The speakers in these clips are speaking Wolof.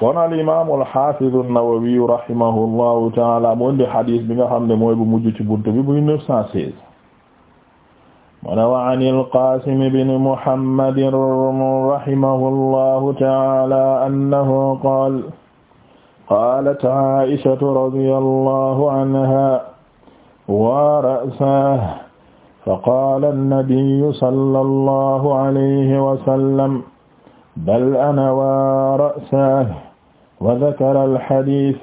kon al imaam al haafiz an-Nawawi rahimahullahu taala mu indi hadis bi nga xam ne mooy bu mujj ci buntu bi muy 916 mu ne wa an al-Qaasim ibn Muhammad rahimahullahu taala annahu qaala qaalat Aa'ishatu radiyallahu anhaa wa ra'sahu fa qaala an-nabiyyu sallallahu alayhi wa sallam bal anawaa ra'sahu wa dhakara al-hadith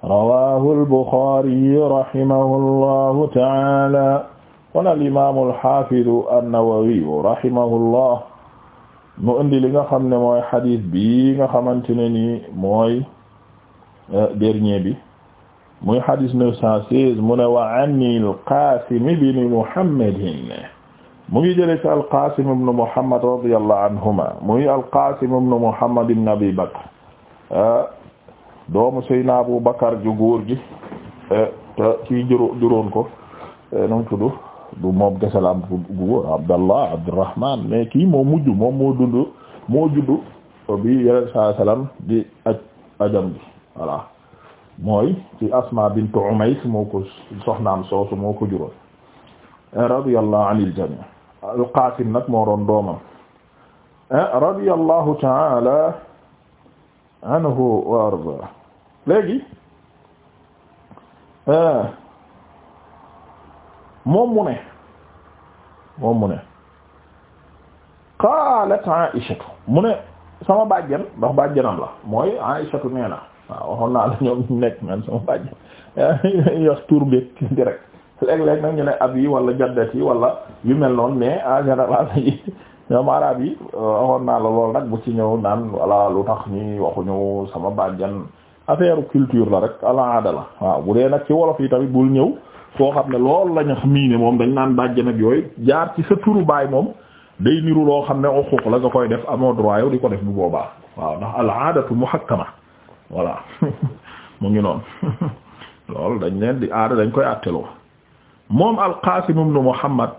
rawahu al-Bukhari rahimahu llahu ta'ala kon al-imaamu al-haafidu an-Nawawi rahimahu llah mu indi li nga xam ne mooy xadis bi nga xamante ne ni mooy euh, dernier bi muy xadis neuf cent seize mu ne wa an al-Qaasim ibn Muhammadin mu ngi jëlee ci alqasim ibn muhammad radiyallahu anhuma muy alqasim ibn muhammad ibn abi bakr ah, doomu seyna abu bakar ju góor gi eh, te eh, du moom kese la am gu góor abdallah abdurrahman mais kii moo mujj moom moo dund moo juddu bi yeneen saa salaam di aj mooy ci asma moo ko soxnaam soosu moo ko juróon eh, radiyallahu al-Qaasim nag moo doon doomam eh, radiyallahu ta'ala anhu wa arda léegi eh, moom mu ne moom mu ne qaalat Aïshatu mu ne sama bàjjan ndax bàjjanam la mooy Aïshatu nee na waaw waxoon naa la ñoom nekk man sama bàjjan eh, yox tur bi direct léeg-léeg nag ne ab yi wala jaddat yi wala yu mel noonu mais en général yi ñoom arab yi euh, waxoon naa la lool nag bu ci ñëw naan wala lu tax ñi waxuñu sama bàjjan affaire culture la rek ala aada la waaw bu dee nag ci wolof yi tamit bul ñëw koo xam ne lool la ñu xam moom dañ naan bàjjan ak yooyu jaar ci sa turu baay moom day niru loo xam ne uquq la nga koy def amoo droit yow di ko def bu boobaa waaw ndax al aadatu muhakkama voilà mu ngi noonu loolu dañ leen di aada dañ koy atteloo moom al-Qaasim ibn Muhammad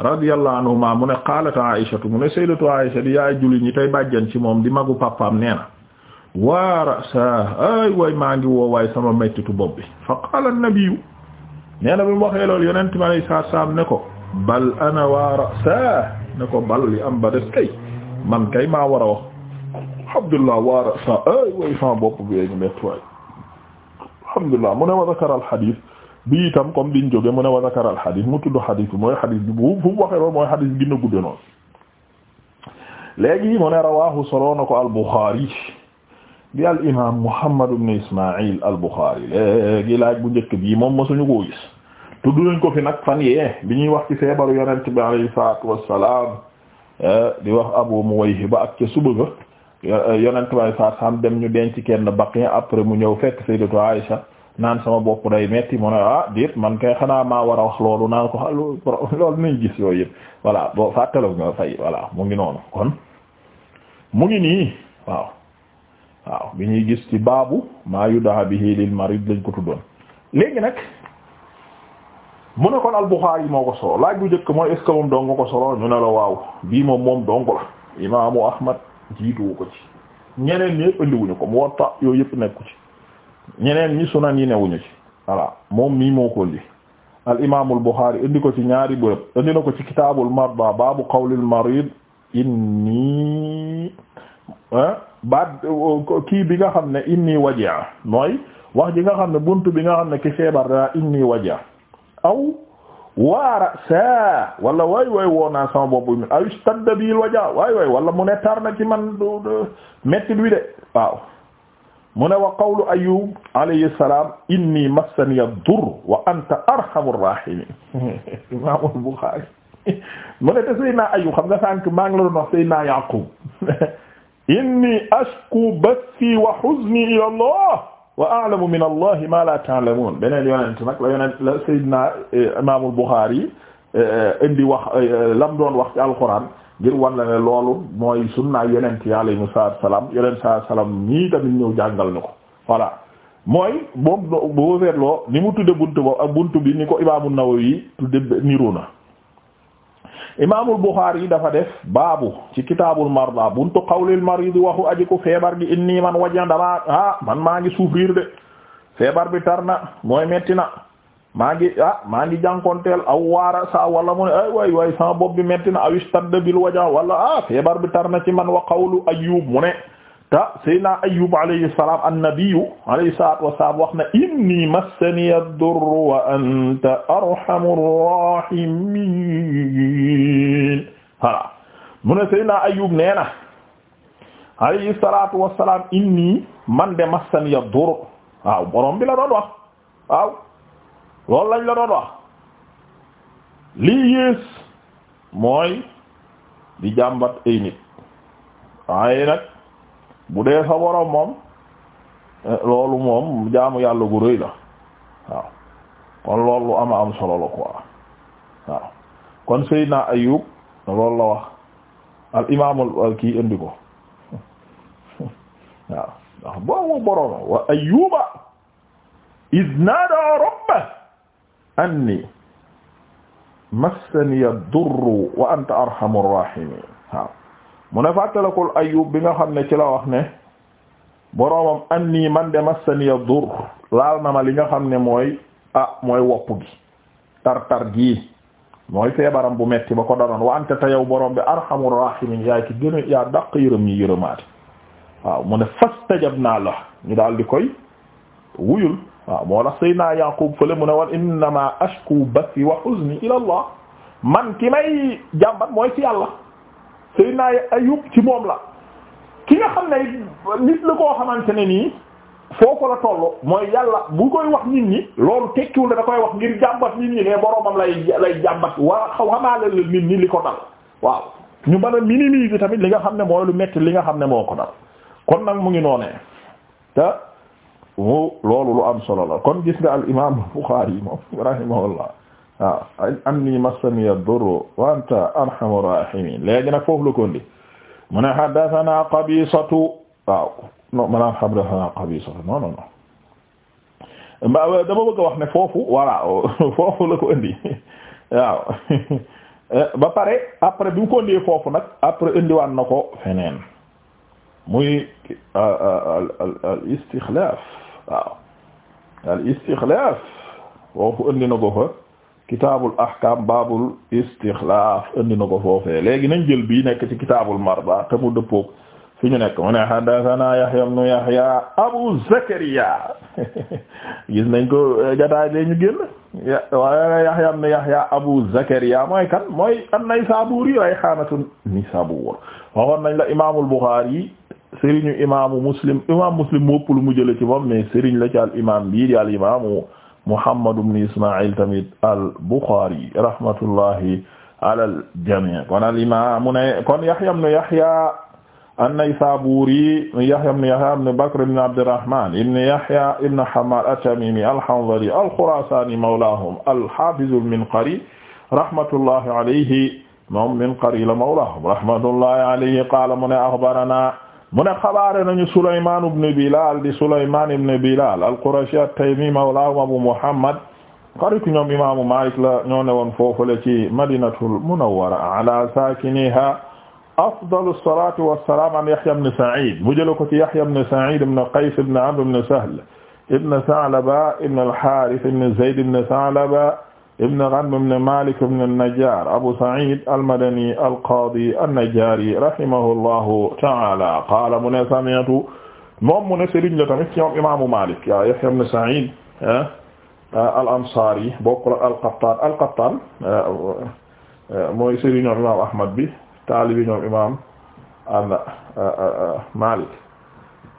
radiyallahu anhuma mu ne qaalat Aïshatu mu ne sayyidatu Aïsha di yaay julli ñi tey bàjjan ci moom di magu papaam nee na waa rasa ay way maa ngi woo waay sama mettitu bopp bi fa qaala an-nabiyyu nee na bi mu waxee loolu yonent mi alayhi salaatu salaam ne ko bal ana waa rasa ne ko bal li am ba des kay man kay maa war a wax alhamdulillah waa rasa ay way sama bopp bi ñu metti waay alhamdulillah mu ne wa zakara al-hadiis bi itam comme biñ jóge mu ne wa zakara al hadith mu tudd hadith bi mooy hadith bi bu fu mu waxee loolu mooy hadith bi gën a gudde noonu léegi mu ne rawahu solo na ko al Bukhari bi al imam Muhammad ibn Ismaïl al Bukhari léegi laaj bu njëkk bii moom mosuñu koo gis tudd nañ ko fi nag fan yee bi ñuy wax ci feebaru yonent bi alayhi salaatu wassalaam di wax Abu Muwayhiba ak ca suba ga yonent bi alayhi salaatu wassalaam dem ñu denc kenn baqi après mu ñëw fekk Sayyidatu Aïsha naan sama bopp day metti mu ne ah déet man kay xanaa maa war a wax loolu naan ko loolu nañ gis yooyu yëpp voilà boo fàttaloog nga fay voilà mu ngi noonu kon mu ngi nii waaw waaw bi ñuy gis ci baabu maa yudaa bihi lil marid lañ ko tuddoon léegi nag mu ne kon al-Bukhari moo ko solo laaj bu njëkk mooy est moom dong ko solo ñu ne la waaw bii moom moom dong la imaamu Ahmad jiituwu ko ci ñeneen ñëpp indiwuñu ko Muwatta yooyu yëpp nekku ci ñeneen ñi sunan yi newuñu ci voilà moom mii moo ko indi al imaamul Buxaari indi ko ci ñaari bërëb indi na ko ci kitaabul marda baabu qawlil marid inni baat kii bi nga xam ne inni wajia mooy wax ji nga xam ne bunt bi nga xam ne ki feebar daa inni wajia aw waara saa wala waay waay woo naa sama bopp mi aw istadda bil wajia waay waay wala mu ne tar na ci man métti bi de waaw mu ne wa qawlu Ayyub alayhi salaam inni massani ad-durr wa anta arhamur rahimin Imaamul Buxaari mu ne te Seydina Ayyub xam nga sànq maa ngi la doon wax Seydina Yaqub inni ashku bathi wa huzni ila Allah wa a'lamu min Allah ma la ta'lamun beneen yonent nag la yonent la Seydina eh, Imaamul Buxaari eh, eh, indi wax lam doon wax ci alquran. ngir wan la ne loolu mooy sunna yonent yi alayhimu salaam yonent saa salaam ñii tamit ñëw jàngal ñu ko voilà mooy moom boo seetloo ni mu tudde buntu boobu ak bi ni ko imaamu Nawawi tudde niru na imaamul Buxaari yi dafa def baabu ci kitaabul marda buntu qawlil mariid waxu aji ko feebar gi inni man wajan damaa ah, man maa ngi souffrir de feebar bi tar na mooy metti na maa ngi ah maa ngi jànkonteel aw waara sa wala mu ne way sama bopp bi metti na aw istadda bil waja wala ah feebar bi tar man wa qawlu ayyub mu ne te sayna ayyub alayhi salaam annabiyu alayhi na inni massani ad-durru wa anta arhamur rahimin mu ne sayna ayyub nee na alayhi salaatu wasalaam inni man de massani ad-durru waaw borom loolu lañ la doon wax lii yées mooy di jàmbat ay nit nag bu dee sa borom moom eh, loolu moom jaamu yàlla gu rëy la waaw kon loolu ama am solo la quoi waaw kon Seydina Ayub loolu la wax al imaamul kii indi ko waaw ndax boobu boroom wa Ayuba iz naadaa anni massaniya durru wa anta arhamur rahimin waaw mu ne fàttalikul ayub bi nga xam ne ci la wax ne boroomam anni man de massaniya durr laal na ma li nga xam ne mooy ah mooy wopp gi tar-tar gii mooy feebaram bu metti ba ko danoon wa anta te boroom bi arhamur rahimin yaay ki gën a yaa daq yërëm yi yërëmaate waaw mu ne fastajabna la ñu daal di koy wuyul waaw moo tax Seydina Yaqub fële mu ne woon innama ashku bathi wa huzni ila Allah man ki may jàmbat mooy ci yàlla Seydina Ayub ci moom la ki nga xam ne nit la koo xamante ne nii ko la toll mooy yàlla bu koy wax nit ñi loolu tekkiwul da koy wax ngir jàmbat nit ñi ne boromam lay lay jàmbat waa xaw xamaale la nit ñi li ko dal waaw ñu bala a tamit li nga xam ne mooy lu metti li nga xam ne moo ko dal kon nag mu ngi noonee mu loolu lu am solo la kon gis nga al imam Bukhari moom rahimahullah waaw anni massaniya durru wa anta arhamu rahimin léegi nag foofu la ko ndi mu ne haddathana qabisatu waaw non ma naan haddathana qabisatu non non non dama bëgg a wax ne foofu voilà foofu la ko indi waaw ba pare après bi mu ko indee foofu nag après indiwaat na ko feneen muy euh, euh, al al al istixlaaf waaw al istixlaaf foofu indi na ko fa kitaabul ahkaam baabul istixlaaf indi na ko foofee léegi nañ jël bii nekk ci kitaabul marda te mu dëppook fi ñu nekk mu ne haddasanaa Yahya ibnu Yahya Abu Zakariya gis nañ ko eh, jotaay bee ñu génn waaye Yahya ibnu Yahya Abu Zakariya mooy kan mooy an-Naysaabuuri rayhaanatu Naysaabuur waxoon nañ la imaamul Buxaari sëriñu imaamu muslim imaamu muslim mopp lu mu jële ci moom mais sëriñ la ci al imaam bii di al imaamu Muhammad ibn Ismaa'il tamit al Bukhari rahmatullahi ala al jamii kon al imaamu ne kon Yahya ibn Yahya an-Naysaburi Yahya ibn Yahya ibn Bakr ibn Abdurrahman ibn Yahya ibn Hammad at-Tamimi al-Hanzali al-Khurasani mawlahum al-Hafiz al-Minqari rahmatullahi alayhi moom Minqari la mawlahum rahmatullahi alayhi qala mu ne akhbarana mu ne xabaare nañu Sulaymaan ibn Bilaal di Sulaymaan ibn Bilaal al-Qurashi at-Taymi mawlaahum Abu Muhammad xaritu ñoom imaamu Maalik la ñoo ne woon foofule ci Madinatul Munawwara ala saakinihaa afdalu salaati wa salaam an Yahya ibn Sa'iid mu jël ko ci Yahya ibn Sa'iid ibn Qays ibn Amr ibn Sahl ibn Sa'laba ibn al-Haarith ibn Zayd ibn Sa'laba ibn Ghanm ibn Malik ibn an-Najjar Abu Sa'id al-Madani al-Qadi an-Najjari rahimahullahu ta'ala qala mu ne sami'tu moom mu ne Serigne la tamit ci ñoom imaamu Malik ya Yahya ibn Sa'id ah, ah, al-Ansari bokkul ak al-Qattan al-Qattan ah, mooy Serigne ñoom imaamu Ahmad bi taalibi ñoom imaam Malik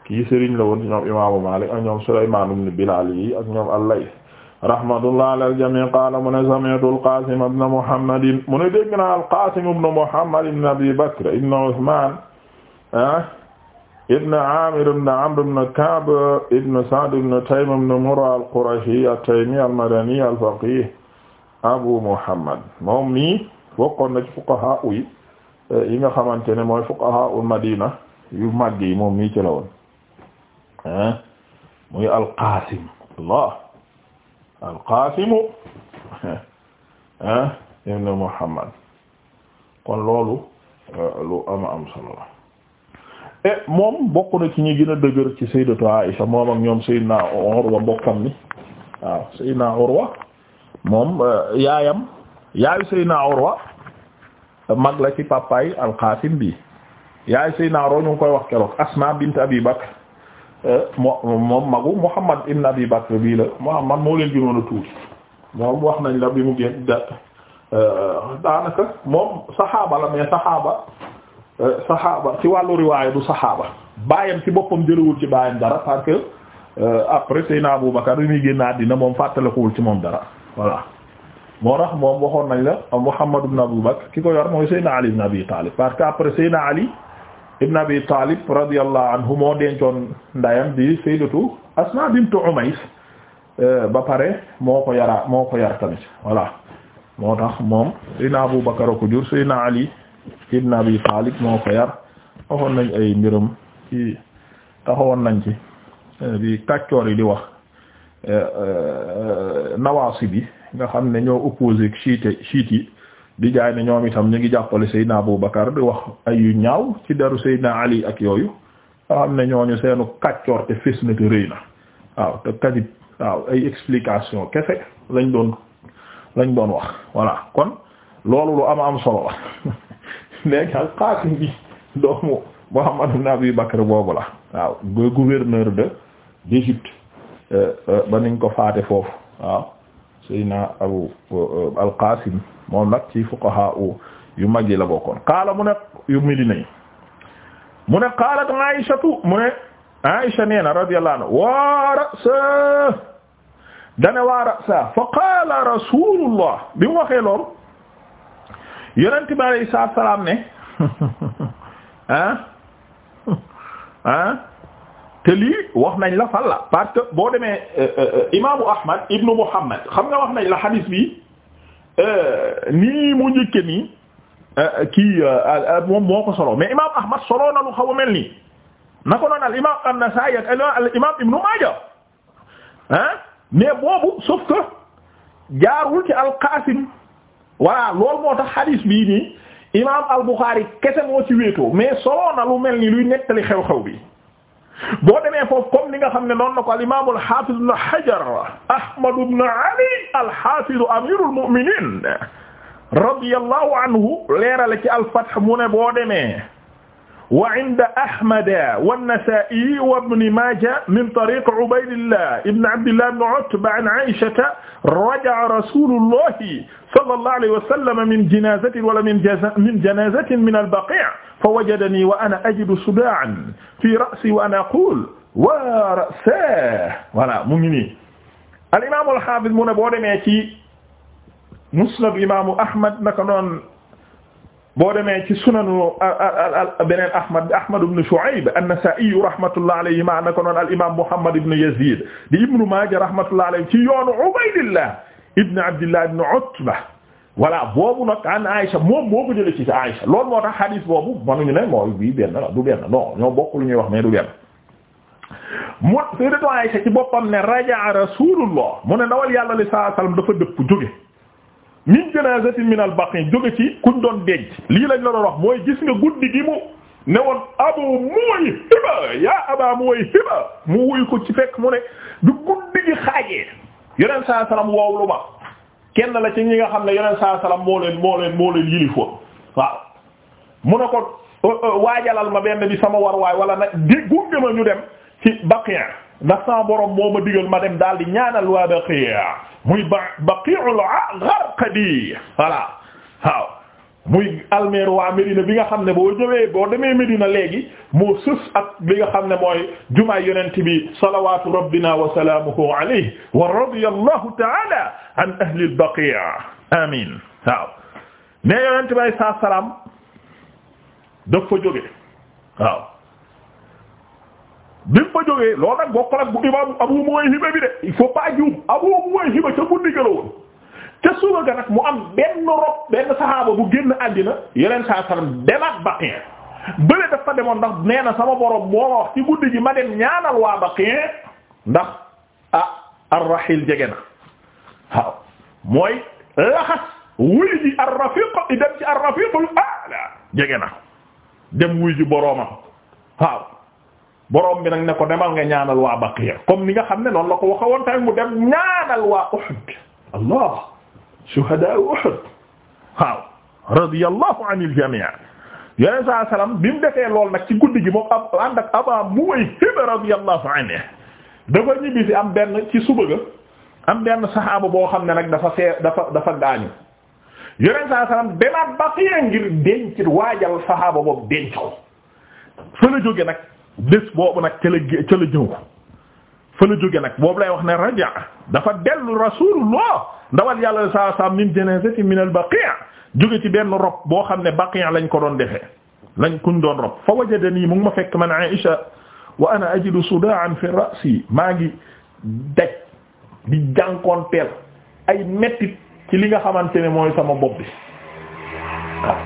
kii Serigne la woon ci ñoom imaamu Malik ak ñoom Sulaymaan ibn Bilal yi ak ñoom al-Layth rahmatullah ala al-jamii qaala mu ne sami'tu al-Qaasim ibn Muhammad mu ne dégg naa al-Qaasim ibn Muhammad ibn Abi Bakr ibn Usmaan ah, ibn Aamir ibn Amr ibn Ka'b ibn Sa'd ibn Taym ibn Murra al-Qurashi at-Taymi al-Madani al-Faqih Abu Muhammad moom mi bokkoon na ci fuqahaa yi eh, yi nga xamante ne mooy fuqahaa al-Madina yu màgg yi moom mi ci la woon ah, muy al-Qaasim Allah alqasimu ah ibn muhammad kon loolu euh, lu ama am solo la e moom bokk na ci ñi gën a dëgër ci sayyidatu Aisha moom ñoom sayyidna Urwa mbokkam ni waaw sayyidna Urwa moom euh, yaayam yaayu sayyidna Urwa mag la ci papaay alqasim bi yaayu sayyidna Urwa ñu ngi koy wax keroog Asma bint Abi Bakr moo moom magu Muhammad ibn Abi bii la Muhammad moo leen gënoon a tuuti moom wax nañ la bi mu génn da euh, daanaka moom saxaaba la mais saxaaba euh, saxaaba ci wàllu riwaaya du saxaaba baayam ci boppam jëlawul ci baayam dara parce que euh, après Seydina Abu Bakar bi muy génn àddina moom fàttalikuwul ci moom dara voilà moo tax moom waxoon nañ la Muhammad ibn Abu Bakr ki ko yor mooy Seydina Ali ibn Abi Talib que après Seydina Ali ibn abi talib radiyallahu anhu moo dencoon ndayam di sayyidatu asma bintu umays euh, ba pare moo ko yara moo ko yar tamit voilà moo tax moom saydna abu bakar ko jur saydna ali ibn abi talib moo ko yar waxoon nañ ay mbiram ci nañ ci bi euh, kàccoor yi di wax euh, nawaasi bi nga xam ne ñoo opposé chiite chiite yi di jaay ne ñoom itam ñu ngi jàppale Seydina Abu Bakar di wax ay yu ñaaw ci deru Seydina Ali ak yooyu nga xam ne ñooñu seenu kàccoor te fés na te rëy na waaw te kadib waaw ay explication kese lañ doon lañ doon wax voilà kon loolu lu am am solo la léegi ak Qaasim bi doomu Muhammad ibn Abi Bakr boobu la waaw gouverneur de d'Égypte euh, euh, ba niñ ko faate foofu waaw Seydina Abu uh, al-Qasim moom nag ci fuqaha yu mag yi la bokkoon qaala mu ne yu Medina yi mu ne qaalat Aïshatu mu ne Aïsha nee na radiyallahu anha wa ra'sa dane wa ra'sa fa qaala rasulullah bi mu waxee lool yonent bi alayhi salaam ne ah ah te lii wax nañ la fan la parce que boo demee euh, euh, euh, imaamu Ahmad ibnu Muhammad xam nga wax nañ la hadith bi nii mu njëkke nii kii moom moo ko solo mais imaamu Ahmad solo na lu xaw a mel nii na ko noon al imaam an-Nasaa'i ak al imaam ibnu Maaja ah mais boobu sauf que jaarul ci al-Qaasim voilà loolu moo tax hadith bii nii imaam al-Bukhari kese moo ci wéetoo mais solo na lu mel nii luy nettali xew-xew bi. boo demee foofu comme ni nga xam ne noonu la ko al imaam al haafiz ibn Hajar Ahmad ibn Ali al haafiz amiirul mu'miniin radiyallahu anhu leerale ci al Fath mu ne boo demee wa inda Ahmad wa Nasaa'i wa Ibn Maaja min tariiq Ubaydillah ibn Abdillah ibn Utba an Aysata raja'a Rasuulullah sallallahu alayhi wa sallam min jinaazatin wala min janaazatin min al-Baqi' fawajadanii wa ana ajidu sudaa'an fii ra'sii wa ana aquulu waa ra'saah voilà mu ngi nii. al-imaam al-haafiz mu ne boo demee ci Musnad imaamu Ahmad naka noonu boo demee ci sunanu beneen Ahmad Ahmad ibn Shu'ayb an-Nasa'i rahmatullah alayhima naka noonu al imaam Muhammad ibn Yazid di Ibnu Maaja rahmatullah alayhi ci yoonu Ubaydillah ibn Abdillah ibn Utba voilà boobu nag an Aïcha moom moo ko jëlee ci Aïcha loolu moo tax hadith boobu mënuñu ne mooy bii benn la du benn non ñoo bokk lu ñuy wax mais du benn. mu sayyidatu Aïcha ci boppam ne raja'a Rasulullah mu ne ndawal yàlla li sallallahu alayhi wasallam dafa dëpp jóge. min janaazati min al baqi jóge ci kuñ doon denc lii lañ la doon wax mooy gis gi mu ne woon abu mooy hiba yaa aba mooy hiba mu wuy ko ci fekk mu ne du guddi gi xaajee yeneen saa salaam woow lu ma kenn la ci ñi nga xam ne yeneen saa salaam moo leen moo leen moo waaw mu ne ko waajalal ma benn bi sama war waay wala nag di ma ñu dem ci baqi ndax sama borom moo ma digal ma dem daal di ñaanal waa baqi muy ba baqi'ul gharqadi voilà waaw muy almeer waa Medina bi nga xam ne boo ñëwee boo demee Medina léegi moo sës ak li nga xam ne mooy jumaay yonent bi salawaatu rabbina wa salaamuhu alayhi wa radiyallahu ta'ala an ahli al-baqi' amin waaw ne yonent bi ay salaam daf fa jóge bi mu loo jógee loolu nag bokkul ak bu imam Abu Muwayhiba bi de il faut pas juum Abu Muwayhiba ca guddi ga ca suba ga nag mu am benn rob benn saxaaba bu génn àddina yeneen saa salaam demaat Baqi' bële dafa demoon ndax nee na sama borom moo ma ci guddi gi ma dem ñaanal waa Baqi' ndax ah ar-raxiil jege na mooy laxas wuy ji ar-rafiq dem ci ar-rafiqul a'la jege dem wuy ji boroomam waaw. borom bi nag ne ko demal nga ñaanal waa Baqiya comme ni nga xam ne noonu la ko waxe woon tamit mu dem ñaanal waa Uhud allah shuhadaa Uhud waaw radiyallahu anil jamii yoneen saa salaam bi mu defee lool nag ci guddi gi moom ab ànd ak Abaa Muwayhiba radiyallahu anhu dafa ñibbi si am benn ci suba ga am benn saxaaba boo xam ne nag dafa fee dafa dafa gaañu yoneen saa salaam demaat Baqiya ngir ko la jóge nag bés boobu nag ca la ca la ñëw fa jóge nag boobu lay wax ne raja dafa dellu rasulullah ndawal yàlla saa saa min janazati min al baqi' jóge ci benn rob boo xam ne baqi' lañ ko doon defee lañ kuñ doon rob fa wajadani mu ngi ma fekk man Aisha wa ana ajidu sudaan fi ra'si maa ngi daj di jànkoonteel ay mettit ci li nga xamante ne mooy sama bopp bi waaw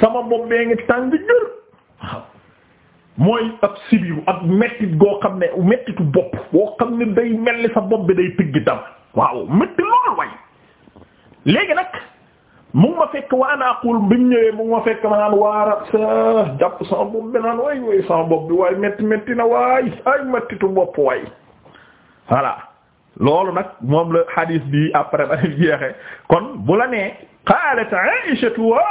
sama bopp bee ngi tàng jër waaw mooy ab sibiru ak mettit goo xam ne mettitu bopp boo xam ne day mel ni sa bopp bi day tëgg dam waaw métti lool way léegi nag mu ngi ma fekk wa ana aqul bi mu ñëwee mu ma fekk ma naan waara sa jàpp sama bopp bi naan waay waay sama bopp waay métti métti na waay ay méttitu bopp waay voilà loolu nag moom la hadis bi après ba jeexe kon bu la nee qalat aishatu wa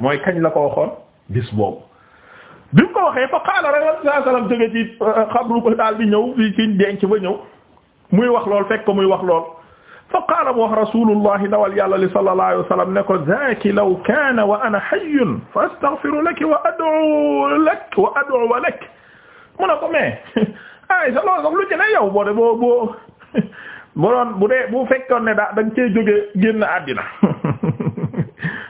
mooy kañ la ko waxoon bis boobu di ko waxe fa qaala rasulullah sallam jóge ci euh, xabru ba daal di ñëw fii ci denc ba ñëw muy wax lool fekk ko muy wax lool fa qaala mu wax rasulullah ndawal yàlla li sallallahu alayhi wa sallam ne ko zaaki law kaana wa ana fa astaghfiru laki wa ad'u lak wa ad'u wa lak mu ne ko mais ay sa lu ci ne yow boo de bu dee bu ne da da nga cee jóge génn àddina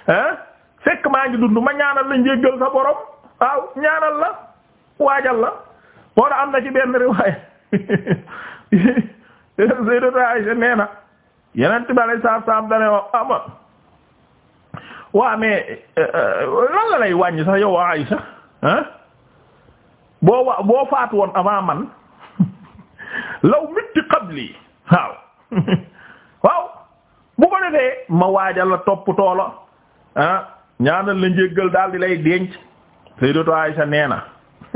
ah fekk maa ngi dund ma ñaanal la njéggal sa borom waaw ñaanal la waajal la moo tax am na ci benn riwaaya Sayyidatu Aisha nee na yeneen tubaab yi saaf saaf da ne ama ah, waa mais euh, euh, lay wàññi sax yow Aisha ah boo wa boo faatu woon avant man law mitti qabli waaw waaw bu ko defee ma waajal la topp toola ah ñaanal la njéggal daal di lay denc. Sayyidatu Aisha nee na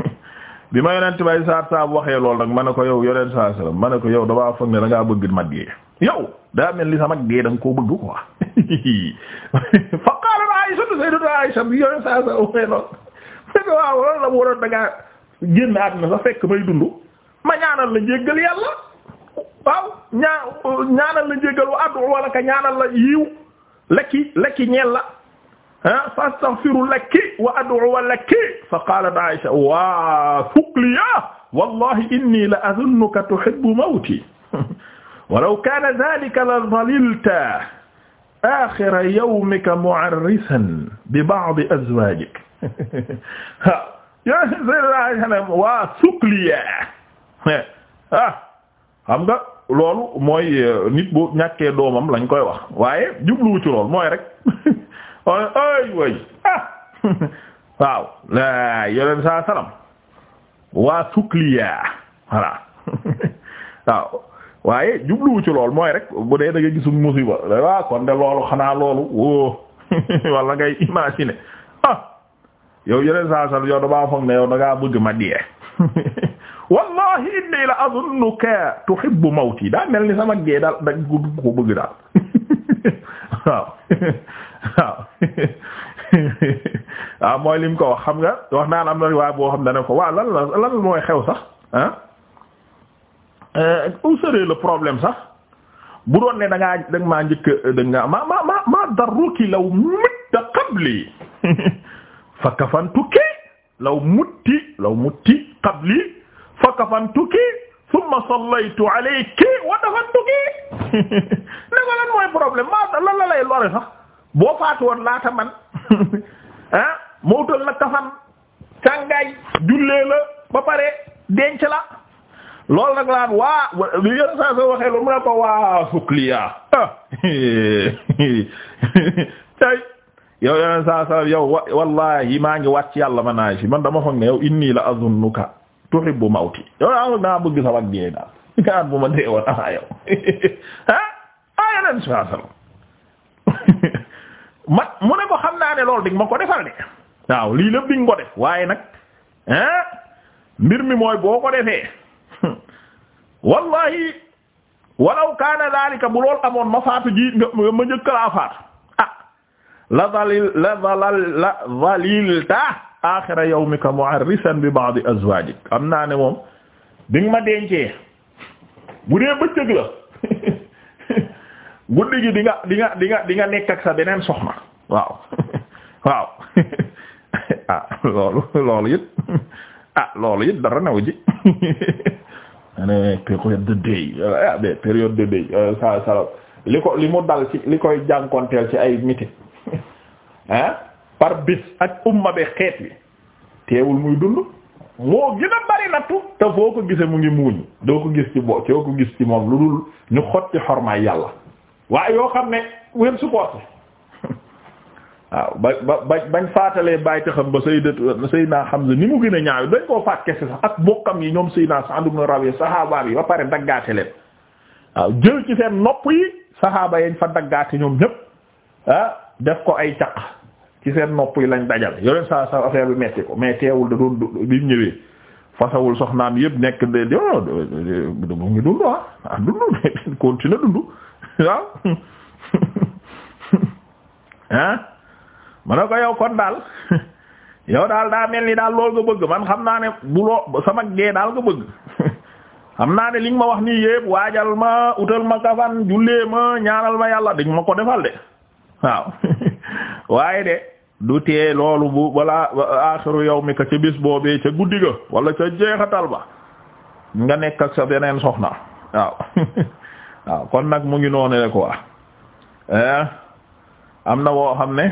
bi ma yonent bay saar saab waxee lool nag ma ne ko yow yonent saa sallam ma ne ko yow damaa da ngaa bëgg ma dee yow daa mel ni sama dee da nga koo bëgg quoi fa qaalat Aisha Sayyidatu bi yonent saa sallam waxee lool fekk waaw loolu la mu waroon da sa fekk may dund ma ñaanal la jéggal yàlla waaw ñaa ñaanal la jéggal wa addu wala ka ñaanal la yiw lekki lekki ñeel la ah fa astaghfiru laki wa ad'u laki fa qalat Aisha wa thuqliya wallahi inni la adhunnuka tuhibbu mawti walaw kana dhalika la dhalilta akhira yawmika mu'arrisan bi ba'di azwajik wa thuqliya ah xam nga loolu mooy nit bu ñàkkee doomam lañ koy wax waaye jubluwu ci lool mooy rek ay way ah waaw la yoleen saa salam waa sukliya voilà waaw waaye jubluwu ci lool mooy rek bu dee da nga gisul musiba waaw kon loolu xanaa loolu woo wala ngay imaginer ah yow yeneen saa salam yow damaa foog ne yow da bëgg ma diyee wallahi inni la azunnuka tuhibbu mawti daa mel ni sama gee daal da bëgg daal waaw waaw ah, mooy lim ko wax xam nga wax naan am na waaye boo xam ne ko waaw lan la lan mooy xew sax ah eh, où problème sax bu doon ne da ngaa maa njëkk da nga ma ma ma ma darruki law mutta qabli fa kafantuki law mutti law mutti qabli fa kafantuki thumma sallaytu alayki wa dafantuki ne ko lan mooy problème ma lan la lay lore sax. boo faatu laata man ah moo la kafan càngaay jullee la ba pare denc la loolu nag laan waa li yéen saa soo mu ne ko waa sukliya ah, tay yow yeneen saa wallahi maa ngi wàcc yàlla ma naa si man dama foog ne inni la azunnuka tuhibbu mawti yow naa bëgg sa wàgg dee daal gaan bu ma ma mu ne ko xam naa ne loolu di ma ko defal de waaw lii lépp di ko def waaye nag ah mbir mi mooy boo ko defee wallahi walaw kaana daalika bu lool amoon ma faatu ji nga ma njëkk laa ah la dalil la dalal la dalilta aaxira yawmika mu'arrisan bi ba'di azwaajik am naa ne moom bi ma dencee bu dee bëccëg la guddi gi di nga di nga di nga di nga nekk ak sa beneen soxna waaw waaw ah loolu loolu it ah loolu it dara naw ji ane période de deuil ah mais période de deuil sa euh, sa li ko li mu dal ci li koy jànkonteel ci ay miti ah par bis ak umma be xeet wi teewul muy dund moo gën a bari nattu te foo ko gisee mu ngi muuñ doo ko gis ci bo doo ko gis ci moom lu dul ñu xotti xormaay yàlla waaye yoo xam ne ween supporté waaw ba ba bañ faatalee bàyyi ba sëy ba sayyidat sayyidina Hamza ni mu gën a ñaaw dañ koo faat kese sax ak bokkam yi ñoom sayyidina Sa'd ibn Rabi'a saxaaba yi ba pare daggaate leen waaw jël ci seen nopp yi saxaaba yañ fa daggaate ñoom ñépp ah def ko ay caq ci seen nopp yi lañ dajal yoleen saa sa affaire bi metti ko mais teewul da doon bi mu ñëwee fasawul soxnaam yëpp nekk de d bu ngi dund ah dund continue dund waaw ah ma ko yow kon daal yow daal daa mel ni daal lool nga bëgg man xam naa ne bu loo sama gee daal nga bëgg xam naa ne liñ ma wax nii yépp waajal ma utal ma kafan jullee ma ñaanal ma yàlla dañ ma ko defal de waaw waaye de du tee loolu bu balaa aaxiru yawmika ca bis boobee ca guddi ga wala ca jeexatal ba nga nekk ak sa beneen soxna waaw waaw kon nag mu ngi noonu rek quoi eh? am na boo xam ne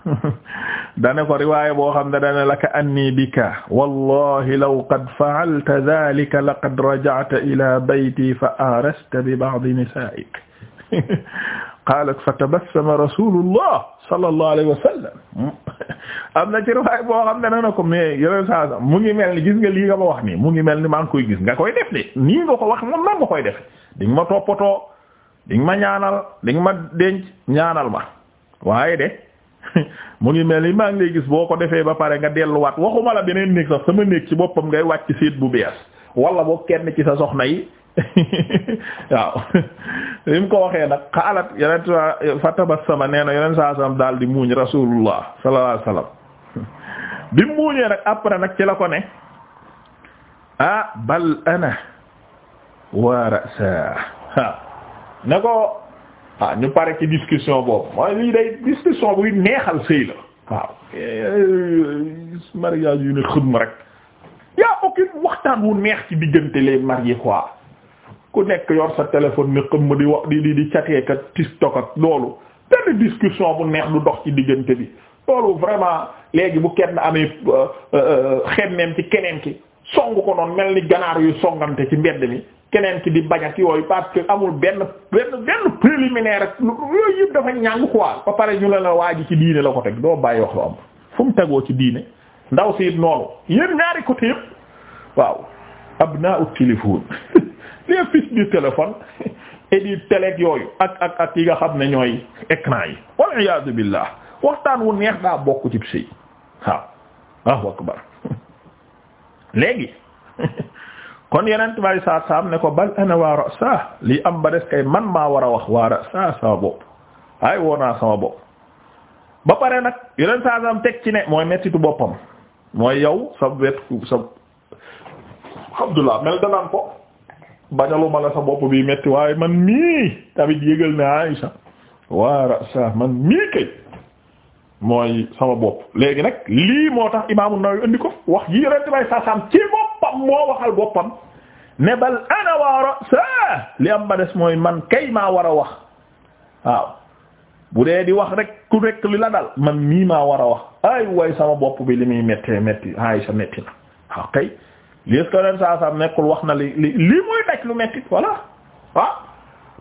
dane ko riwaaya boo xam ne dane laka anni bika wallahi law qad fa'alta la laqad raja'ta ila bayti fa arasta bi ba'd nisa'ik qalat fatabassama rasulullah sallallahu alayhi wa sallam am na ci riwaaya boo xam ne dane ko mais yoleen saa mu ngi mel ni gis nga lii nga ma wax nii mu ngi mel ni maa ngi koy gis nga koy def de nga ko wax moom nga koy def di ma toppatoo di ma ñaanal di ma denc ñaanal ma waaye de mu ngi mel ni maa ngi lay gis boo ko defee ba pare nga delluwaat waxuma la beneen néeg sax sama néeg ci boppam ngay wàcc siit bu bees wala boo kenn ci sa soxna yi waaw li mu ko waxee nag xaalat yeneen saa fa tabassama nee na yeneen saa salaam daal di muuñ rasulullah sallallahu alaihi wasallam bi mu muuñee nag après nag ci la ko ne ah bal wa ra'sa ne ko ah ñu pare ci discussion boobu mooy lii day discussion buy neexal sëy la waaw mariage yu ne xëm rek yaa aucune waxtaan wu neex ci diggante les mariés quoi ku nekk yor sa téléphone ni xëm di wax di di di cateeka TikTok ak loolu benn discussion bu neex du dox ci diggante bi loolu vraiment léegi bu kenn amee euh, euh, euh, xemmeem ci keneen ki song ko noonu mel ni ganaar yu songante ci mbedd mi keneen ki di bañ ak yooyu parce que amul benn benn benn préliminaire ak yooyu yëpp dafa ñàng quoi ba pare ñu la la waa ji ci diine la ko teg doo bàyyi wax lu am fu mu tegoo ci diine ndaw si it noonu yéen ñaari côté yëpp waaw abna'u téléphone les fils du téléphone et du yooyu ak ak ak yi nga xam ne ñooy écran yi wal iyaadu billah waxtaan wu neex daa bokk ci sëy waaw waaw akbar léegi kon yeneen tubaab saat saam ne ko bal ana waa ra'sa lii am ba des kay man maa war a wax waa ra'sa sama ay woo naa sama bopp ba pare nag yeneen saa saam teg ci ne mooy mettitu boppam mooy yow sa wet sa Abdullah mel danaan ko bañaluma la sa bopp bi metti waaye man mii tamit yëgal ne Aïcha waa ra'sa man mii kay mooy sama bopp léegi nag lii moo tax Imaamu Nawawi indi ko wax yi yeneen tubaab saam ci bopp boppam moo waxal boppam ne bal ana waa ra'sa li am ba des mooy man kay maa war a wax waaw bu dee di wax rek ku li la dal man mii maa war a wax ay way sama bopp bi li muy méttee métti ay sa métti na kay li ko leen saa saa nekkul wax na li li li muy daj lu métti voilà waaw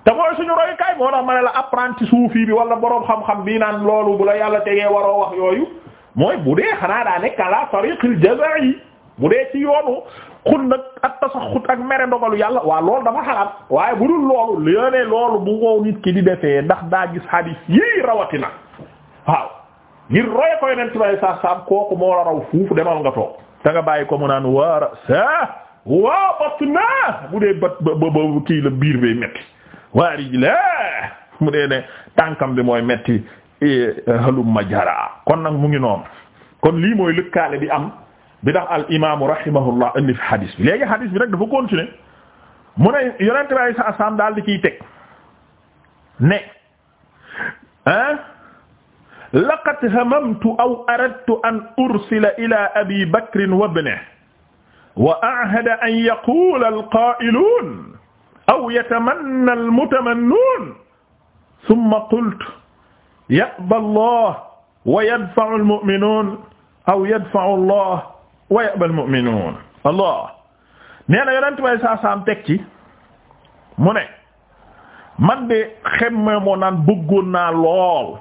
te mooy suñu royukaay moo tax ma ne la apprenti suufi bi wala boroom xam-xam bii naan loolu bu la yàlla tegee waroo wax yooyu mooy bu dee xanaa daa nekk ala tariqil jazaa'i bu dee ci yoonu xut nag ak tasaxut ak mere ndogalu yàlla waaw loolu dafa xalaat waaye bu dul loolu léone loolu bu wow nit ki di defee ndax daa gis hadis yii rawatina waaw ngir roye ko yonent bi alei saatu salam kooku moo la raw fuufu demal nga toog te nga bàyyi ko mu naan waara sa bu dee bat ba ba kii la biir bay métti waarij la mu dee ne tànkam bi mooy metti eh, halum ma jara kon nag mu ngi noonu kon lii mooy lëkkaale bi am bi tax al imaamu rahimahullah indi fi hadis bi léegi hadis bi rek dafa continuer mu ne yonent bi sa asam daal di ciy teg ne ah laqad hamamtu aw aradtu an ursila ila abi bakrin wa ibnihi wa a'hada an yaqula al-qa'ilun aw yatamanna al-mutamannun thumma qultu ya'ba Allah wa yadfa'u al-mu'minun aw yadfa'u Allah wa ya'bal mu'minuun allah nee na yonent bay saa saam teg ci mu ne man de xemme moo naan bëggoon naa lool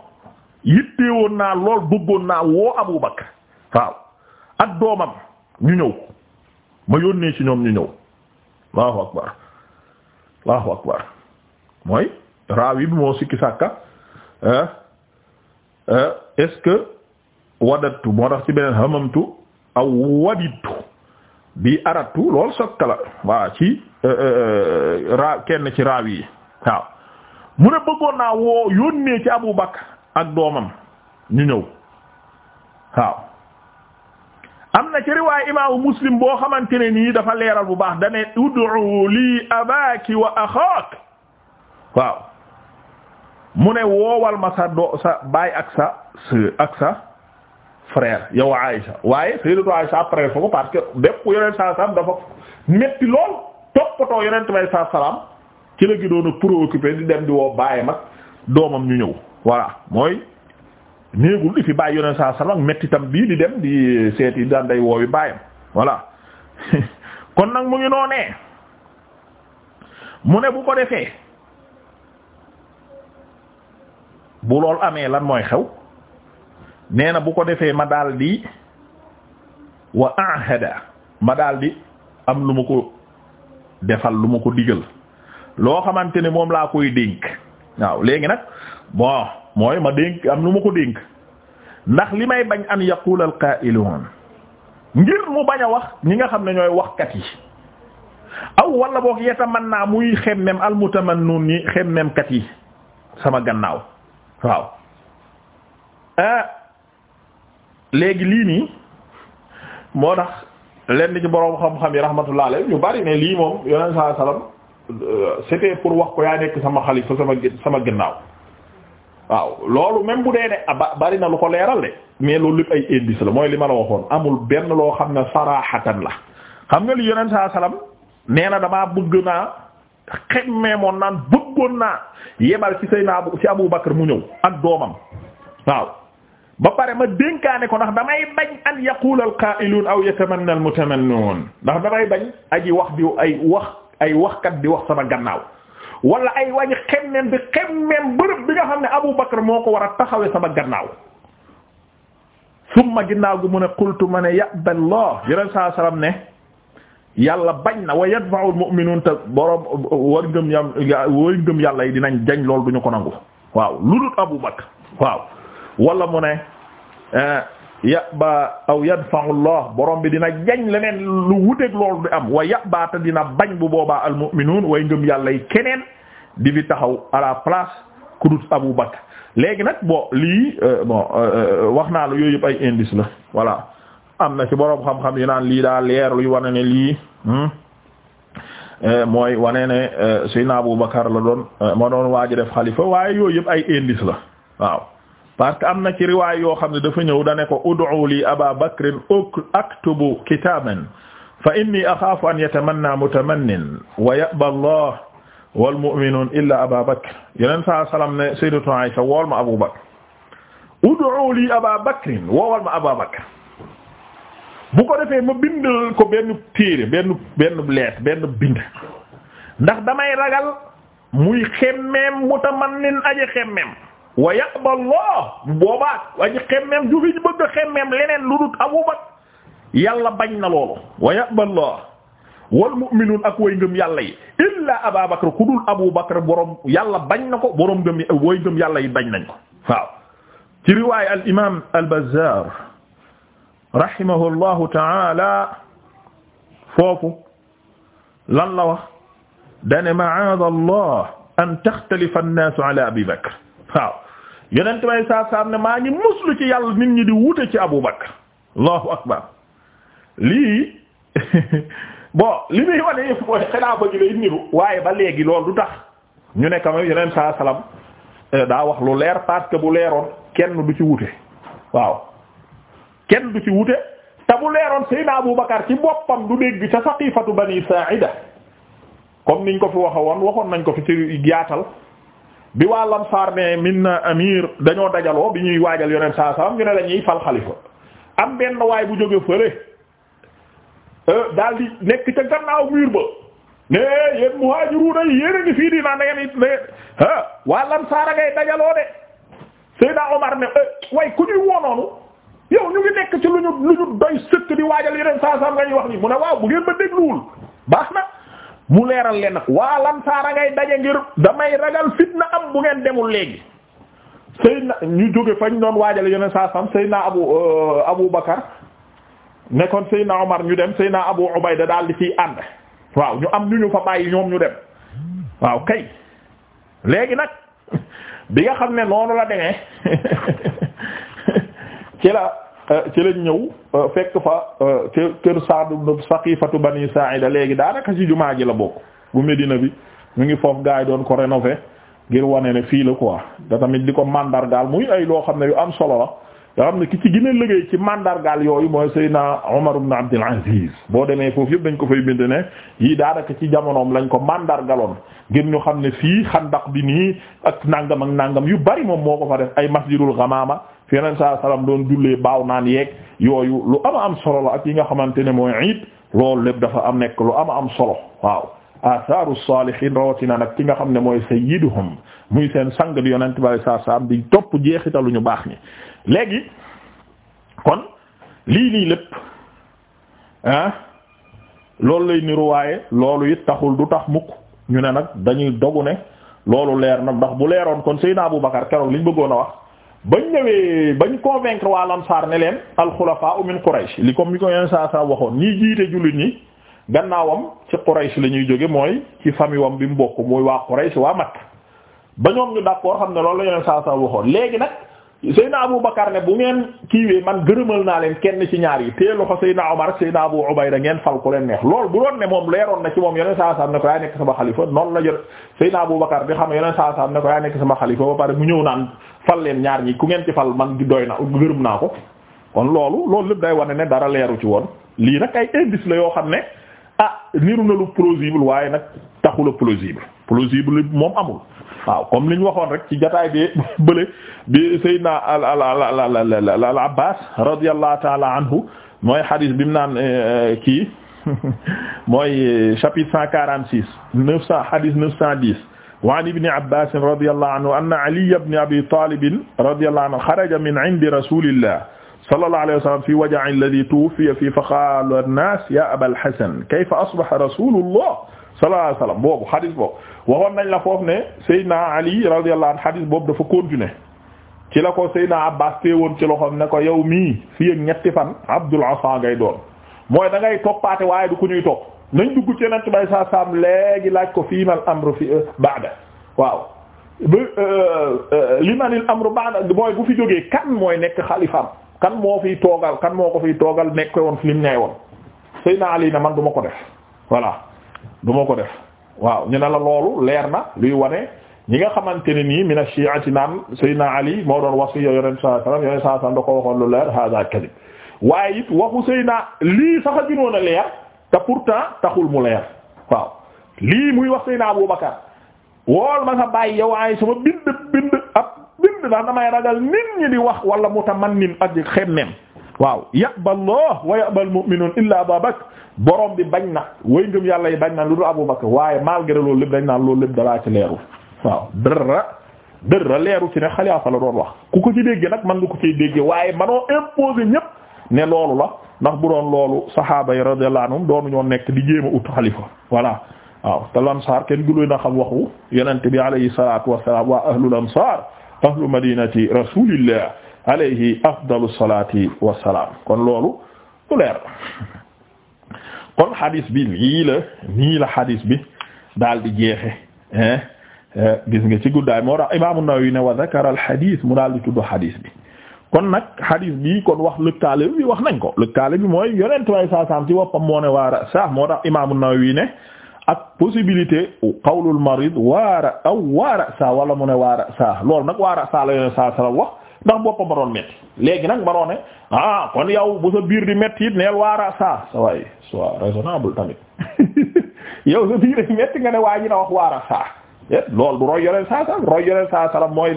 yittewoon naa lool bëggoon naa woo Abu Bakr waaw ak doomam ñu ñëw ma yónnee ci ñoom ñu ñëw allahu akbar allahu akbar mooy raawi bi moo sikki sàkka est-ce que wadattu moo tax ci beneen xamamtu aw waditu bi aratu lool sokka la waaw ci euh, euh, euh, ra kenn ci raaw yi waaw mu ne bëggoon naa woo yónnee ci Abu Bakr ak doomam ñu ñëw waaw am na ci riwaay imaamu Muslim boo xamante ne nii dafa leeral bu baax dane ud'u lii abaaki waaw mu ne woowal ma sa do sa baay ak sa sœur ak sa frère yow Aïcha waaye Sayyidatu Aïcha après foofu parce que bépp yonent saa salaam dafa metti lool toppatoo yonent may saa salaam ci la gi doon a préoccupé di dem di woo bàyyi mag doomam ñu ñëw voilà mooy néegul di saa salaam mettitam bii di dem di seeti daan day woowi bàyyam voilà kon nag mu ngi noonee mu ne bu ko defee bu loolu amee lan mooy xew nee na bu ko defee ma daldi wa ahada ma daldi am lu ma ko defal lu ma ko digal loo xamante ne moom laa koy dénk waaw léegi nag bon mooy ma dénk am lu ma ko dénk ndax li may bañ an yaqula al ngir mu bañ a wax ñi nga xam ne ñooy wax kat yi aw wala man naa muy xemmem al mutamannun ñi xemmemkat yi sama gannaaw waaw ah, léegi lii nii moo tax lenn ci boroom xam-xam yi rahmatullah alayhi ñu bari ne lii moom yonent saa salaam euh, c'était pour wax ko yaa nekk sama xalifa sama sama ginnaaw waaw loolu même bu dee ne ah, bari na lu ko leeral de mais loolu lépp ay indice la mooy li ma la waxoon amul benn loo xam ne saraaxatan la xam nga li yonent saa salaam nee na damaa bëgg naa xemmee moon naan bëggoon naa yebal ci Seydina naa ci Abu Bakr mu ñëw ak doomam waaw. ba pare ma dénkaane ko ndax damay bañ an yaqula al qa'ilun aw yatamanna al mutamannun ndax damay bañ aji wax di ay wax ay waxkat di wax sama gannaaw wala ay wañ xemmeem bi xemmeem bërëb bi nga xam ne Abu Bakr moo ko war a taxawee sama gannaaw summa ginnaaw gu mu ne qultu ma ne ya'ba Allah yeneen saa salaam ne yàlla bañ na wa yadfa'u al-mu'minun te war ngëm yàlla yi dinañ jañ lool du ñu ko nangu waaw lu dul Abu Bakr waaw. wala mu ne eh, yaba aw yadfa'u Allah borom bi dina jañ leneen lu wuteeg loolu bi am wa yabaata dina bañ bu boobaa almu'minuun way ngëm yàlla yi keneen di fi taxaw à la place kudut Abu Bakr léegi nag bon lii eh, bon eh, wax naa la yooyu yëpp ay indice la voilà am na ci boroom xam-xam yi naan lii daa leer luy wane ne lii hmm? mooy wane ne Seydina Abu Bakr la doon ma doon waaj def xalifa waaye yooyu yëpp ay indice la waaw. parce que am na ci riwaay yoo xam ne dafa ñëw da ne ko ud'u li aba bakrin aktubu kitaaban fa inni an yatamanna mutamannin wa ya'ba allah wal mu'minuun illa aba bakr yeneen saa salaam ne sayyidatu Aisha wool ma Abu Bakr ud'u li aba bakrin woowal Aba Bakr bu ko defee ma ko benn téere benn benn leet ndax damay ragal muy xemmeem mutamannin aje xemmeem wa yaqba Allah boobaa aji xemmeem ju fi bëgg a xemmeem leneen lu dut Abu Bakr yàlla bañ na loolu wa yaqba Allah wal mu'minuun ak way ngëm yàlla yi illaa Abaa Bakr ku dul Abu Bakr borom yàlla bañ na ko borom ngëm way ngëm yàlla yi bañ nañ ko waaw ci riwaaya al imaam al Bazzaar rahimahu llahu ta'ala foofu lan la wax dane ma'aada Allah an taxtalifa an-naasu ala Abi Bakr waaw yonent may saa saam ne maa ngi muslu ci yàlla nit ñi di wute ci Abu Bakar allahu akbar lii bon li muy wane yëpp mooy xilaafa gi lay niru waaye ba léegi loolu du tax ñu ne quand même yeneen saa salaam eh, daa wax lu leer parce bu leeroon kenn du ci wute waaw kenn du ci wute te bu leeroon Seydina Abu Bakar ci boppam du dégg ca saqifatu bani Sa'ida comme niñ ko fi waxa woon waxoon nañ ko fi ci yaatal bi waa Lamsaar ne min na amir dañoo dajaloo bi ñuy waajal yonent saa salaam ñu ne dañuy fal xalifa am benn waay bu jóge fële euh, daal di nekk ca gannaaw mur ba ne yéen muhaajiruuna yi yéen a ngi fii di naan da ngeen di waa Lamsaar a ngay dajaloo de Seydina Omar ne euh, way ku ñuy woonoonu yow ñu ngi nekk ci lu ñu doy sëkk di waajal yonent saa salaam nga ñuy wax nii mu ne waaw bu ngeen ba dégluwul baax na. mu leeral leen nag waa lansaara ngay daje ngir damay ragal fitna am bu ngeen demul léegi Seydina ñu jóge fañ doon waajale yoneen saa sam Seydina Abu euh, Abu Bakar nekkoon Seydina Omar ñu dem Seydina Abu Ubayda daal di ciy ànd waaw ñu am ñu ñu fa bàyyi ñoom ñu dem waaw kay léegi nag bi nga xam ne noonu la demee ci la Euh, ci lañ ñëw euh, fekk fa euh, kër Saad ibn Saqifatu Bani Sa'ida léegi daanaka ci jumaa ji la bokk bu Medina bi mu ngi foofu gars yi doon ko rénover ngir wane ne fii la quoi da tamit di ko mandargaal muy ay loo xam ne yu am solo la yoo xam ne ki ci gën liggéey ci mandargaal yooyu mooy Seydina Omar ibn Abdul Aziz boo demee foofu yëpp dañ ko fay bind ne yii daanaka ci jamonoom lañ ko mandargaloon ngir ñu xam ne fii xandax bi nii ak nangam ak nangam yu bari moom moo ko fa def ay masjidul Ghamama fi yeneen saa salaam doon jullee baaw naan yeeg yooyu lu ama am solo la ak yi nga xamante ne mooy iit loolu lépp dafa am nekk lu ama am solo waaw atharu salihin rawatina nag ki nga xam ne mooy sayyiduhum muy seen sang di yonent bari saa am di topp jeexitalu ñu baax ñi léegi kon lii nii lépp ah loolu lay niru loolu it taxul du tax mukk ñu ne nag dañuy dogu ne loolu leer nag ndax bu leeroon kon Seydina Abu Bakar keroog liñ bëggoon a wax ba bañ ñëwee bañ convaincre waa Ansaar ne leen alxulafaa min Quraysh li comme mi ko yenn saa saa waxoon ñii jiite jullit ñi gannaawam ci Quraysh la ñuy jóge mooy ci famille wam bi mu bokk mooy waa Quraysh waa Makka ba ñoom ñu d'accord xam ne loolu la yenn saa saa waxoon léegi nag Seydina Abu Bakar ne bu ngeen kiiwee man gërëmal naa leen kenn ci ñaar yi tee loxo Seydina Omar ak Abu Ubayda ngeen fal ku leen neex loolu bu doon ne moom leeroon na ci moom yeneen saa saam ne ko yaa nekk sama xalifa noonu la jot Seydina Abu Bakar di xam yeneen ñëw naan fal leen ñaar ñi ku ngeen ci fal man doy na gërëm naa ko kon loolu loolu lépp day wane ne dara leeru ci woon lii nag ay indice la yoo xam ne ah niru na lu plausible waaye nag taxu taxula plausible plausible moom amul waaw comme li ñu waxoon rek ci jataay bi bële bi Seydina al al al al Abbas radiyallahu taala anhu mooy xadis bi mu naan eh, eh, kii mooy eh, chapitre cent quarante six neuf cent xadis neuf wa an ibni abbasin radiyallahu anhu anna ali ibn abi talibin radiyallahu anhu xaraja min indi rasulillah sallallahu alayhi wa sallam fi waja'i alladhi tuwuffiya fihi fa qaala an-naas ya abal hasan kayfa asbaha rasulullah sallallahu alayhi wa sallam boobu xadis boobu waxoon nañ la foofu ne Seydina Ali radiyallahu anhu xadis boobu dafa continuer ci la ko Seydina Abbas téewoon ci loxoom ne ko yow mii fii ak ñetti fan Abdul Asa ngay doon mooy da ngay toppaate waaye du ku ñuy topp nañ dugg ci yonent bay saa saam léegi laaj ko fii mal amru fi euh, ba'da waaw euh, euh, li manil amru ba'da mooy bu fi jógee kan mooy nekk xalifam kan moo fiy toogal kan moo ko fiy toogal nekk woon fi lim ñay woon Seydina Ali na man du ko def voilà du ko def waaw ñu ne la loolu leer na luy wane ñi nga xamante ne nii mina shi'ati naan Seydina Ali moo doon wasiya yonent saa salaam yonent saa salaam da ko waxoon lu leer hada kadib waaye it waxu Seydina lii sax a gënoon a leer. te pourtant taxul mu leer waaw lii muy wax Seydina Abu Bakar wool ma sa bàyyi yow ay sama bind bind ab bind ndax damay ragal nit ñi di wax wala mutamannin ak xemmem waaw yaba allah wa yaba al illa Abu Bakr borom bi bañ na way ngëm yàlla yi bañ na lu dul Abu Bakr waaye malgré loolu lépp dañ naa loolu lépp dalaa ci leeru waaw dërra dërra leeru ci ne xaliafa la doon wax ku ko ci dégge nag man nga ko ciy dégge waaye manoo imposer ñépp ne loolu la ndax bu doon loolu saxaaba yi radiyallahu anhum doonu ñoo nekk di jéem a ut xalifa voilà waaw te lansaar kenn guluy na xam waxu yonent bi alayhi salaatu wassalaam waa ahlul ansaar ahlu madinati rasulillah alayhi afdalu salaati wassalaam kon loolu lu leer kon xadis bi lii la xadis bi daal di jeexe eh, gis nga ci guddaa moo tax imaamu Nawawi ne wa zakara al mu daal di tudd xadis bi kon nag hadis bi kon wax lëkkaale bi wax nañ ko lëkkaale bi mooy yonent way saasaam ci woppam moo ne waara sax moo tax imaamu Nawawi ne ak possibilité qawlul marid waara aw waara saa wala mu ne waara saa loolu nag waara saa la yonent saa sala wax ndax boppam ma doon métti léegi nag ma doon ne ah kon yow bu sa biir di métti it neel waara saa sa waay soit raisonnable tamit yow sa biir di métti nga ne waa ji na wax waara saa Eh, loolu du roy yoneen saa salam roy yoneen saa salam mooy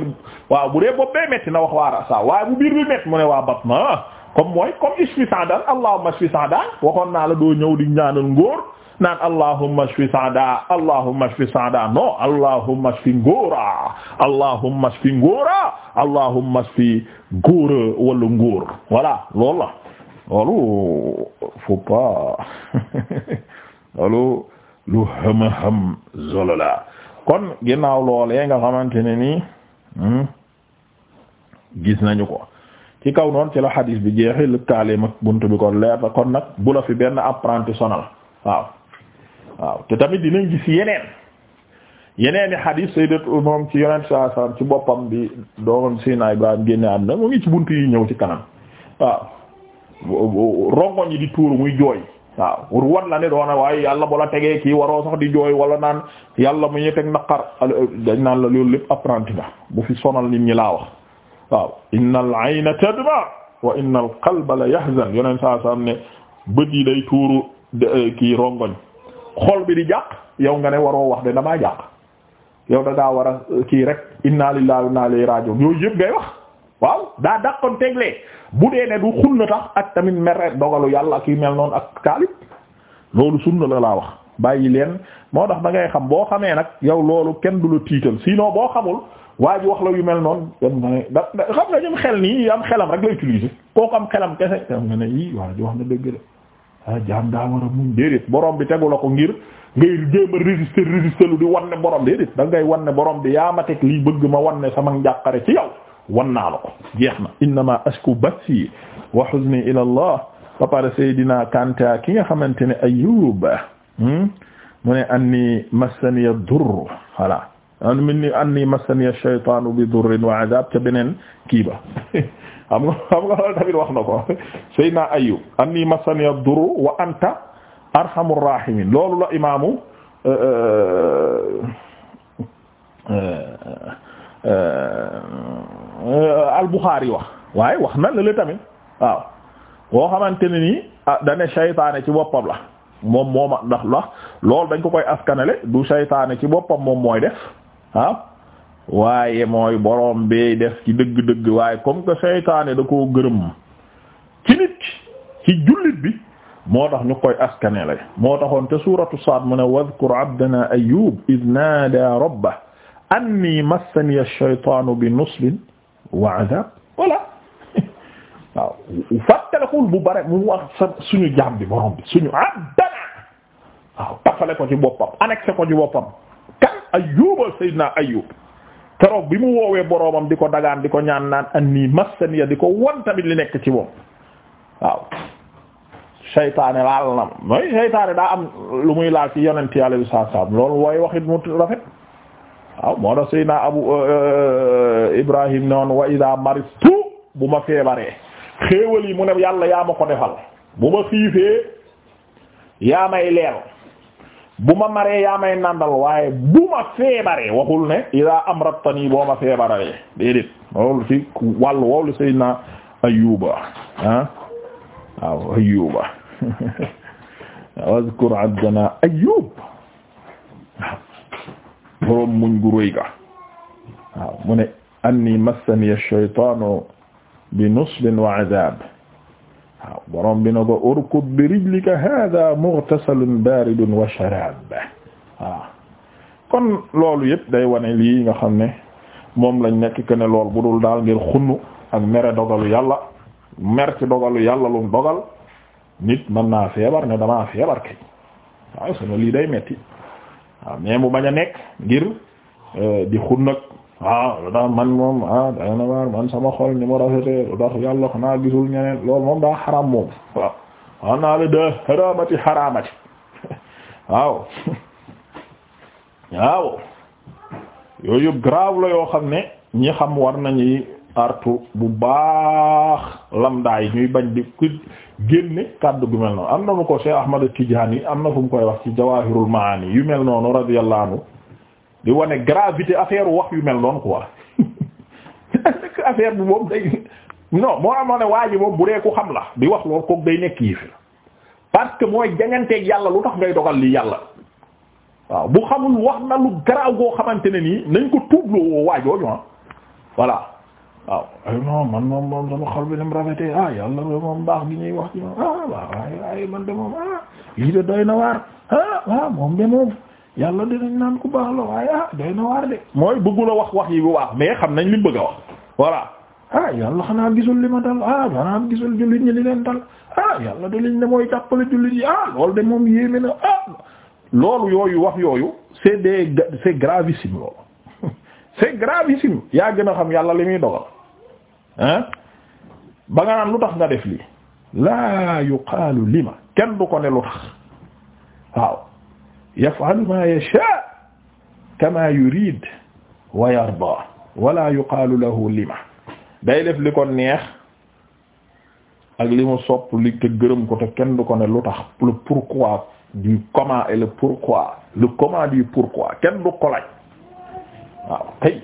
waaw bu dee bopp bee métti na wax waara sa waaye bu biir bi métti mu ne waa batna comme mooy comme ishfi sa'dan allahumma ishfi sa'dan waxoon naa la doo ñëw di ñaanal ngóor naan allahumma ishfi sa'da allahumma ishfi sa'da non allahumma ishfi ngóora allahumma ishfi ngóora allahumma ishfi góora wala ngóor voilà loolu la loolu faut pas loolu lu xam-xam zolo la kon lool loolee nga xamante ne nii hmm, gis nañu ko ci kaw noon ci la xadiis bi jeexi lëkkaaleem ak bunt bi kon leer na kon nag bu la fi benn apprenti waaw waaw te tamit dinañ gis yeneen yeneeni xadiis sayyidat moom ci yonent saa ci boppam bi doomam Seydina Ibrahim génne am na mu ngi ci bunt yi ñëw ci kanam waaw rongoñ di tuuru muy jooy waaw pour wan la ne doona waaye yàlla boola la tegee kii waroo sax di jooy wala naan yàlla mu ñu teg naqar euh, naan la loolu lépp apprenti na bu fi sonal nit ñi laa waaw inna al ayna tadma wa inna al qalba la yahzan yoneen saa saa am ne bët yi day tuuru euh, ki rongoñ xol bi di jàq yow nga ne waroo wax de damaa jàq yow da ngaa war a euh, kii rek inna lillahi wa inna ilayhi raji'un yooyu yëpp ngay wax waaw daa kon teglee bu dee ne du xunna tax ak tamit mere dogalu yàlla ak yu mel noonu ak kaalib loolu sunna la laa wax bàyyi leen moo tax da ngay xam boo xamee nag yow loolu kenn du la tiital sinon boo xamul waa ji wax la yu mel noonu dem nga da xam nga ñoom xel nii am xelam rek la utiliser kooku am xelam kese xam nga ne yii waa ji wax na dëgg de ah jaam daa war a muñ déedéet borom bi tegu ko ngir ngay jéem a résister lu di wan ne borom déedéet da ngay wan ne borom bi yaa ma teg lii bëgg ma wan ne sama njàqare ci yow. wan naa la ko jeex na innama ashku bathi wa huzni ila allah ba pare Seydina Kanta ki nga xamante ne Ayyub hmm? mu ne anni massani ad-durr voilà an min ni anni massani ash-shaytanu bi durrin wa adab ca beneen kii ba xam nga xam nga loolu tamit wax na ko Seydina Ayyub anni massani ad-durr wa anta arhamur rahimin loolu la imaamu euh, euh, euh, Euh, al yi wax waaye wax na la tamit waaw boo xamante ne nii ah dane saytaane ci boppam la moom mooma ndax la loolu dañ ko koy askanale du saytaane ci boppam moom mooy def waaw ah. waaye mooy boroom bi def ci dëgg-dëgg waaye comme que saytaane da koo gërëm ci nit ci jullit bi moo tax ñu koy askanale moo taxoon te suuratu Saad mu ne wadkur abdana Ayyub id naada rabbah anni massani ash-shaytaanu bi nusbin wa adab voilà waaw fàttalekul bu bare mu wax sa suñu jaam bi borom bi suñu abdana waaw tafale ko ci boppam annexé ko ci boppam kan ayyuba sayyidina ayyub keroog bi mu woowee boroomam di ko dagaan di ko ñaan naan anni massani ya di ko won tamit li nekk ci moom waaw seytaane laal na mooy seytaane daa am lu muy laal ci yonent Yàlla bi saa saa loolu wooy waxit mu rafet waaw moo tax Seydina euh, euh, Ibrahim noonu wa idaa maristu bu ma feebaree xéewal mu ne yàlla yaa ma ko defal bu ma xiifee yaa may leel bu ma maree yaa may waaye bu ma feebaree waxul ne idaa amratani boo ma feebaree déedéet loolu ci woolu Seydina Ayyuba ah waaw Ayyuba wazkur abdana boroom muñ gu rëy ga waaw mu ne anni massani ash-shaytaanu bi nusbin wa adab waaw boroom bi na ko urkub bi rijlika hada mughtasalun baridun wa sharab kon loolu yëpp day wane lii nga xam ne moom lañ nekk que ne lool bu dul daal ngir xunnu ak mere dogalu yàlla mer ci dogalu yàlla lu dogal nit mën naa feebar ne damaa feebar kay waaw sunu lii day metti waaw mais mu bañ a nekk ngir euh, di xun nag ah lu tax man moom ah day na waar man sama xol ni ma rafetee lu tax yàlla xanaa gisul ñeneen loolu moom daa xaram moom waaw waaw la daa xaramati xaramati waaw waaw yooyu grave la yoo xam ne ñi xam war nañu artu bu baax lamdaay ñuy bañ di ku génne kàddu gu mel noonu am na lu ko Cheikh Ahmad Tidjani am na fu mu koy wax ci Jawahirul Maani yu mel noonu radiyallahu anhu di wane gravité affaire wax yu mel noonu quoi affaire bu moom day non moo amoon ne waa ji moom bu dee ku xam la di wax loolu kook day nekk yi fi parce que mooy janganteeg yàlla lu tax ngay dogal li yàlla waaw bu xamul wax na lu garaaw goo xamante ne nii nañ ko tuubloo woo waajooju ah voilà waaw ay non man moom moom sama xol bi nam rafetee ah yàlla moom baax gi ñuy wax ci moom ah waaw man de moom ah lii de doy na waar ah waaw moom de moom yàlla dinañ naan ku baax la waaye ah doy na waar de mooy bëggu la wax wax yi bu baax mais xam nañ li mu bëgg wax voilà ah yàlla xanaa gisul li ma dal ah xanaa gisul jullit ñi li leen dal ah yàlla de liñ ne mooy jàppale jullit yi ah loolu de moom yéeme na ah loolu yooyu wax yooyu c'est de c'est gravissime loolu c'est gravissime yaa gën a xam yàlla li muy dogal hein ba nga naan lu tax nga def lii laa yuqaalu lima kenn du ko ne lu tax waaw yaf'alu ma yasha kama yurid wa yarda wala yuqaalu lahu lima day def li ko neex ak li mu sopp li te gërëm ko te kenn du ko ne lu tax le pourquoi du comment et le pourquoi le comment du pourquoi kenn du ko laaj waaw tey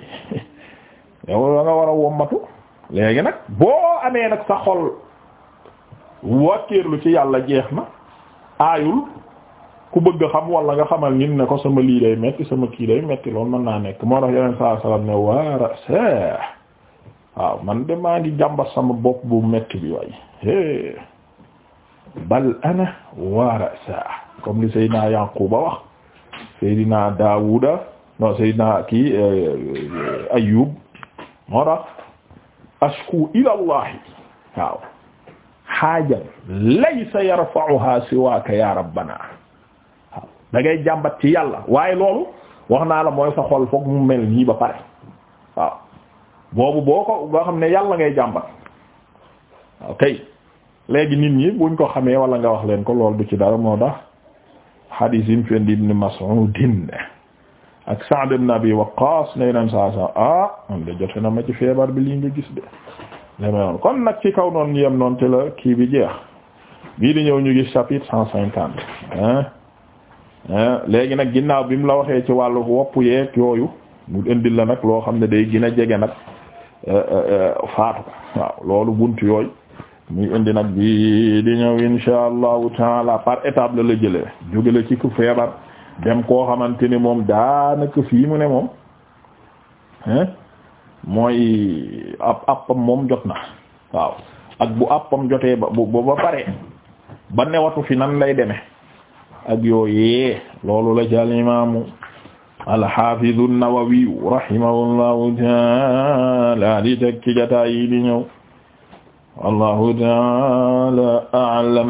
yow da nga war a wommatu léegi nag boo amee nag sa xol wàkkeerlu ci yàlla jeex na aayul ku bëgg xam wala nga xamal nit na ko sama lii day metti sama kii day metti loolu mën naa nekk moo tax yeneen saa salaam ne waara see waaw man de maa ngi jàmbat sama bopp bu metti bi waay hee bal ana waara saa comme li Seydina Yaquba wax Seydina Daawuda non Seydina kii euh, euh, Ayyub moo tax ashku ila Allah waaw xaajan laysa yarfa'uha siwaaka ya rabbana waaw da jàmbat ci yàlla waaye loolu wax naa la mooy sa xol foog mu mel nii ba pare waaw boobu boo ko boo xam ne yàlla ngay jàmbat waaw kay léegi nit ñi buñ ko xamee wala nga wax leen ko loolu du ci dara moo tax hadith yi mu fi indi Ibn ak Sa'd ibn Abi Waqqas ne leen saa saa ah man de na ma ci feebar bi lii nga gis de demee noonu kon nag ci kaw noonu yem noonu ci la kii bi jeex bii di ñëw ñu gis chapitre cent cinquante léegi nag ginnaaw bi mu la waxee ci wàllu woppu yeeg yooyu mu indil la nag loo xam ne day gin a jege nag euh, euh, euh, faatu waaw loolu bunt yooyu muy indi nag bi di ñëw insha allahu taala par étape la jële jëlee ci ku feebar dem koo xamante ni moom daanaka fii mu ne moom mooy ab appam moom jot na waaw ak bu appam jotee ba bu ba pare ba newatu fi nan lay deme ak yooyee loolu la ci al imaamu alxafidu an-Nawawiyu rahimahullahu taala di teg ci jataay yi di ñëw wallahu taala a'lam